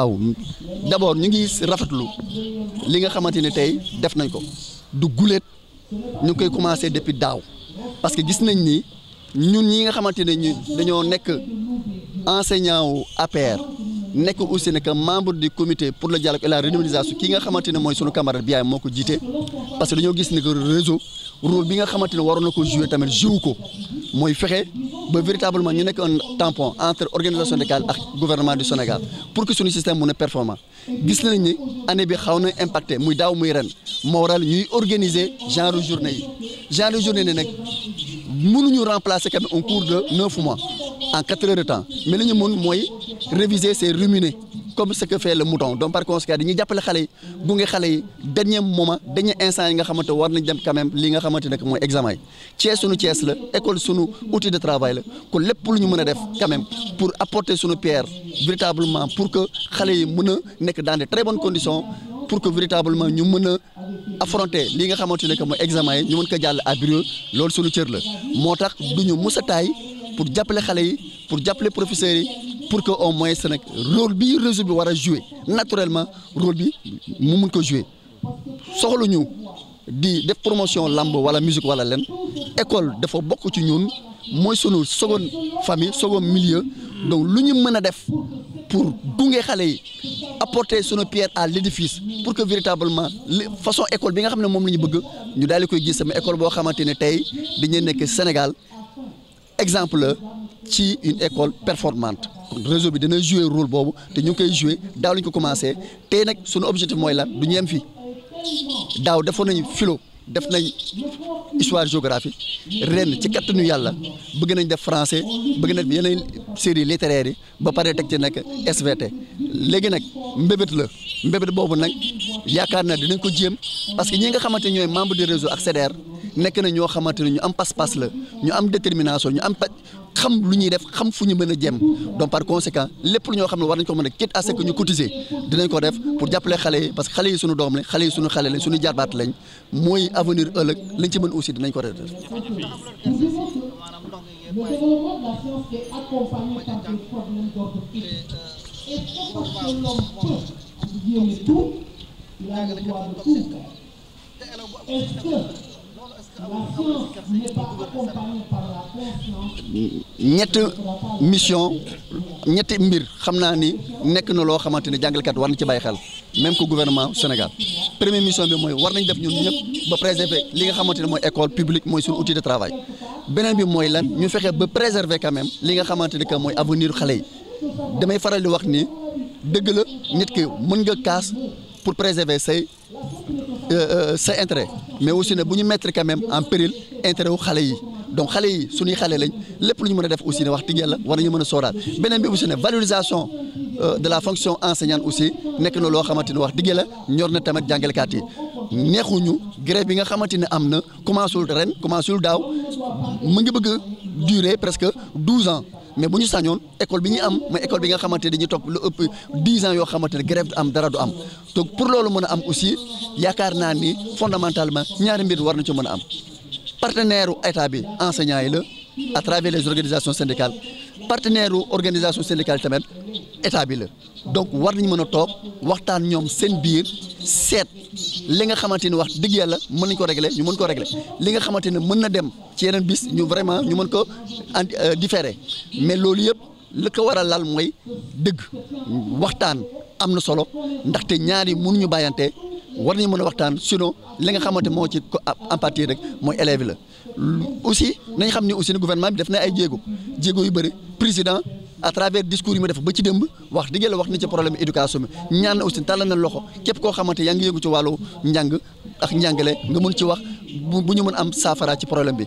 aw d'abord ñu ngi rafetlu li nga xamante ne tey def nañ ko du guléet ñu koy commencé depuis daaw parce que gis nañ ni ñun ñi nga xamante ne ñu dañoo nekk enseignant wu APR nekk aussi nekk membre du comité pour le dialogue et la redynamisation ki nga xamante ne mooy sunu camarade Biaye moo ko jiite parce que dañoo gis ne que réseau rôle bi nga xamante ne waroon na ko jouer tamit joué ko mooy fexe. ba véritablement ñu nekk un tampon entre organisation syndicale ak gouvernement du Sénégal pour que suñu système mun a performant gis nañ ni année bi xaw na impacté muy daaw muy ren moo waral ñuy organiser genre journée yi genre journée ne nag mënuñu remplacer quand même un cours de neuf mois en quatre heures de temps mais li ñu mun mooy réviser c'est ruminer comme ce que fait le mouton donc par conséquent dañuy jàppale xale yi gunge xale yi dernier moment dernier instant yi nga xamante war nañ dem quand même li nga xamante école sunu outil de travail la lépp ñu mën a def quand même pour apporter sunu pierre véritablement pour que xale yi mën a nekk dans de très bonnes pour que véritablement ñu mën a affronter li nga xamante ne que mooy examen yi ñu mën ko jàll à loolu sunu cër la moo tax du ñu mus a taay pour jàppale xale yi pour jàppale professeurs yi. pour que au moins nag rôle bi réseau bi war a jouer naturellement rôle bi mu mun ko soxlu ñu di def promotion lamb wala musique wala leen école dafa bokk ci ñun mooy sunu seconde famille seconde milieu donc lu ñu mën a def pour gunge xale yi apporter sunu pierre à l'édifice pour que véritablement façon école bi nga xam ne moom la ñu bëgg ñu daal di koy gis sama école boo xamante ne tey dañuy nekk Sénégal exemple ci une école performante réseau bi dana jouer rôle boobu te ñu koy jouer daaw lañ ko commencé tey nag suñu objectif mooy lan du ñu yem fii daaw defoon nañu philo def nañ histoire géographie ren ci kattanu yàlla bëgg nañ def français bëgg nañ yeneen série littéraire yi ba pare teg ci nag SVT léegi nag mbébét la mbébét boobu nag yaakaar naa dinañ ko jéem parce que ñi nga xamante ñooy membre du réseau ak nekk na ñoo xamante ne ñu am pas-pas la ñu am détermination ñu am xam lu ñuy def xam fu ñu mën a jëm donc par conséquent lépp lu ñoo xam ne war nañ ko mën a quitte à ce ñu cotiser dinañ ko def pour jàppale xale yi parce que xale yi suñu doom lañ xale yi suñu xale lañ suñu jarbaat lañ mooy avenir ëllëg lañ ci mën aussi dinañ ko def. est ñett mission ñetti mbir xam naa ni nekk na loo xamante ni jàngalekat war na ci bàyyi xel même ko gouvernement Sénégal première mission bi mooy war nañ def ñun ñëpp ba préserver li nga xamante ne mooy école publique mooy suñu outil de travail beneen bi mooy lan ñu fexee ba préserver quand même li nga xamante ni que mooy avenir xale yi damay faral di wax ni dëgg la nit ki mën nga kaas pour préserver say euh, euh, sa intérêt. mais aussi ne bu ñu mettre quand même en péril intérêt wu xale yi donc xale yi suñuy xale lañ lépp lu ñu mën a def aussi ne wax dëgg yàlla war nañu mën a sóoraal beneen bi aussi ne valorisation euh, de la fonction enseignante aussi nekk na loo xamante ne wax dëgg yàlla ñor na tamit jàngalekat yi neexuñu grève bi nga xamante ne am na commencé wul ren commencé wul daaw mu ngi bëgg a durer presque douze ans. mais bu ñu sañoon école bi ñu am mooy école bi nga xamante ne dañuy topp lu ëpp dix ans yoo xamante ne grève du am dara du am donc pour loolu mën a am aussi yaakaar naa ni fondamentalement ñaari mbir war na ci mën a am partenaire état bi enseignants yi la à travers les organisations syndicales partenaire organisation syndicale tamit état bi la donc war nañu mën a toog waxtaan ñoom seen biir seet. li nga xamante ni wax dëgg yàlla mën nañu ko régler ñu mën ko régler li nga xamante ni mën na dem ci yeneen bis ñu vraiment ñu mën ko euh, différer mais loolu yëpp li ko war a laal mooy dëgg waxtaan am na solo ndaxte ñaari ñu bàyyante war nañu mën a waxtaan sinon li nga xamante moo ci en partie rek mooy élève la aussi nañ xam ni aussi ne gouvernement def na ay jéego jéego yu bëri président. à travers discours yi ma def ba ci démb wax dëgg la wax ni ci problème éducation bi ñaan na aussi tàllal na loxo képp koo xamante yaa ngi yëngu ci wàllu njàng ak njàngale nga mun ci wax bu bu ñu mën am saafara ci problème bi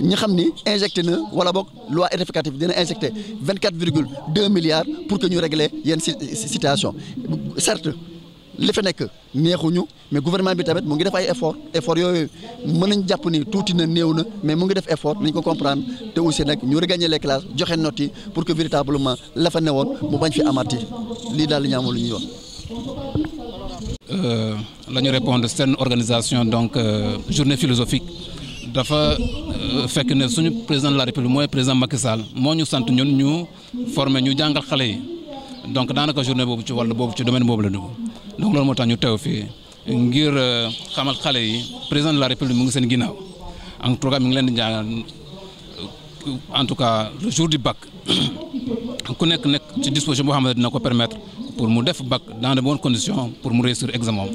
ñi xam ni injecté na wala boog loi rectificative dina injecté vingt quatre virgule deux milliards pour que ñu régler yenn situation certes li fi nekk neexuñu mais gouvernement bi tamit mu ngi def ay effort effort yooyu mën nañ jàpp ni tuuti na néew na mais mu ngi def effort nañ ko comprendre te aussi nag ñu regagner les classes joxe notes pour que véritablement la fa newoon mu bañ fi amati lii daal li ñu lu ñuy wax. Euh, la ñu répondre seen organisation donc euh, journée philosophique dafa euh, fekk ne suñu président de la république mooy président Macky Sall moo ñu sant ñun ñu former ñu jàngal xale yi donc daanaka journée boobu ci wàll boobu ci domaine boobu la dugg. donc loolu moo tax ñu teew fii ngir euh, xamal xale yi président de la république mu ngi seen ginaaw en tout cas mi ngi leen di ñaanal euh, tout cas le jour ku nekk nekk ci disposition boo xam ne ko permettre pour mu def bac dans de bonnes conditions pour mu réussir examen euh,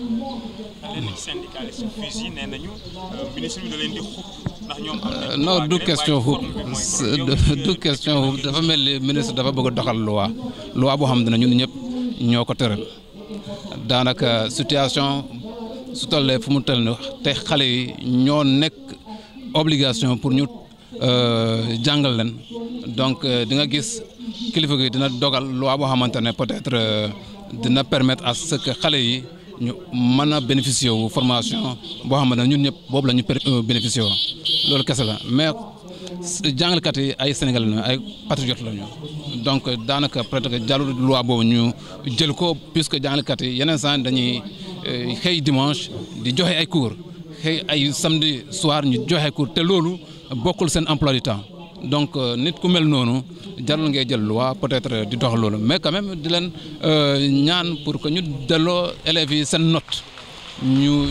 non du question xub du question xub dafa mel ni ministre dafa bëgg doxal loi loi boo xam ne ñun ñëpp ñoo ko tëral daanaka situation su tollee fu mu toll ni te xale yi ñoo nekk obligation pour ñu euh, jàngal leen donc euh, di nga gis kilifa gi dina dogal loi boo xamante ne peut-être euh, dina permettre à ce que xale yi ñu mën a bénéficier wu formation boo xamante ne ñun ñëpp boobu la ñu bénéficier wu loolu kese la mais jàngalekat yi ay Sénégal lañu ay patriote lañu donc daanaka peut-être jàllul loi boobu ñu jël ko puisque jàngalekat yi yeneen saa dañuy euh, xëy dimanche di joxe ay cours xëy ay samedi soir ñu joxe cours te loolu bokkul seen emploi du temps donc euh, nit ku mel noonu jarul ngay jël luwaa peut-être di dox loolu mais quand même di leen euh, ñaan pour que ñu delloo élèves yi seen note ñu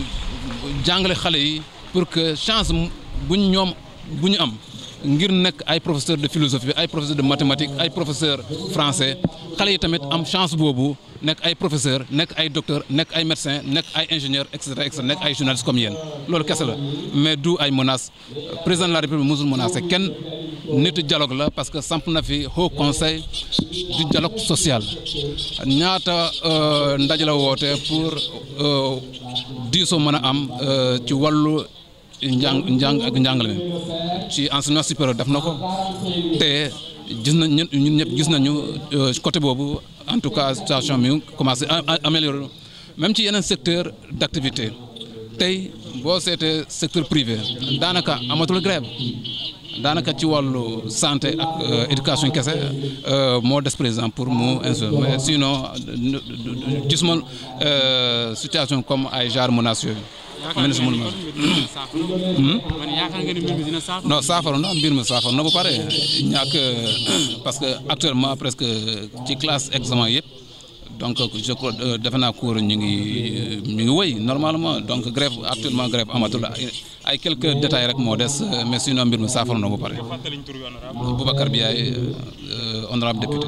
jàngale xale yi pour que chance buñ ñoom bu ñu am. ngir nekk ay professeur de philosophie ay professeur de mathématique ay professeur français xale yi tamit am chance boobu nekk ay professeur nekk ay docteur nekk ay médecin nekk ay ingénieur et cetera et cetera nekk ay journaliste comme yéen loolu kese la mais du ay menace président de la république musul menacé kenn nitu dialogue la parce que samp na fi haut conseil du dialogue social ñaata euh, ndaje la woote pour euh, diisoo mën a am euh, ci wàllu njàng njàng ak njàngale mi ci enseignement supérieur def na ko te gis nañ ñëpp gis nañu euh, côté boobu en tout cas situation mi ngi commencé améliorer même ci yeneen secteur d'activité tey boo seetee secteur privé daanaka amatul grève daanaka ci wàllu santé ak euh, éducation kese euh, moo des président pour mu insul sinon gis ma situation comme ay genre menace yooyu mënees mu lu ma. non saafara na mbir mi saafara na bu pare ñàkk euh, parce que actuellement presque ci classe examen yëpp donc je crois euh, defe naa cours ñu ngi euh, ñu ngi wëy normalement donc grève actuellement grève amatul ay quelques détails rek moo des mais sinon mbir mi saafara na bu pare. Boubacar Biaye honorable député.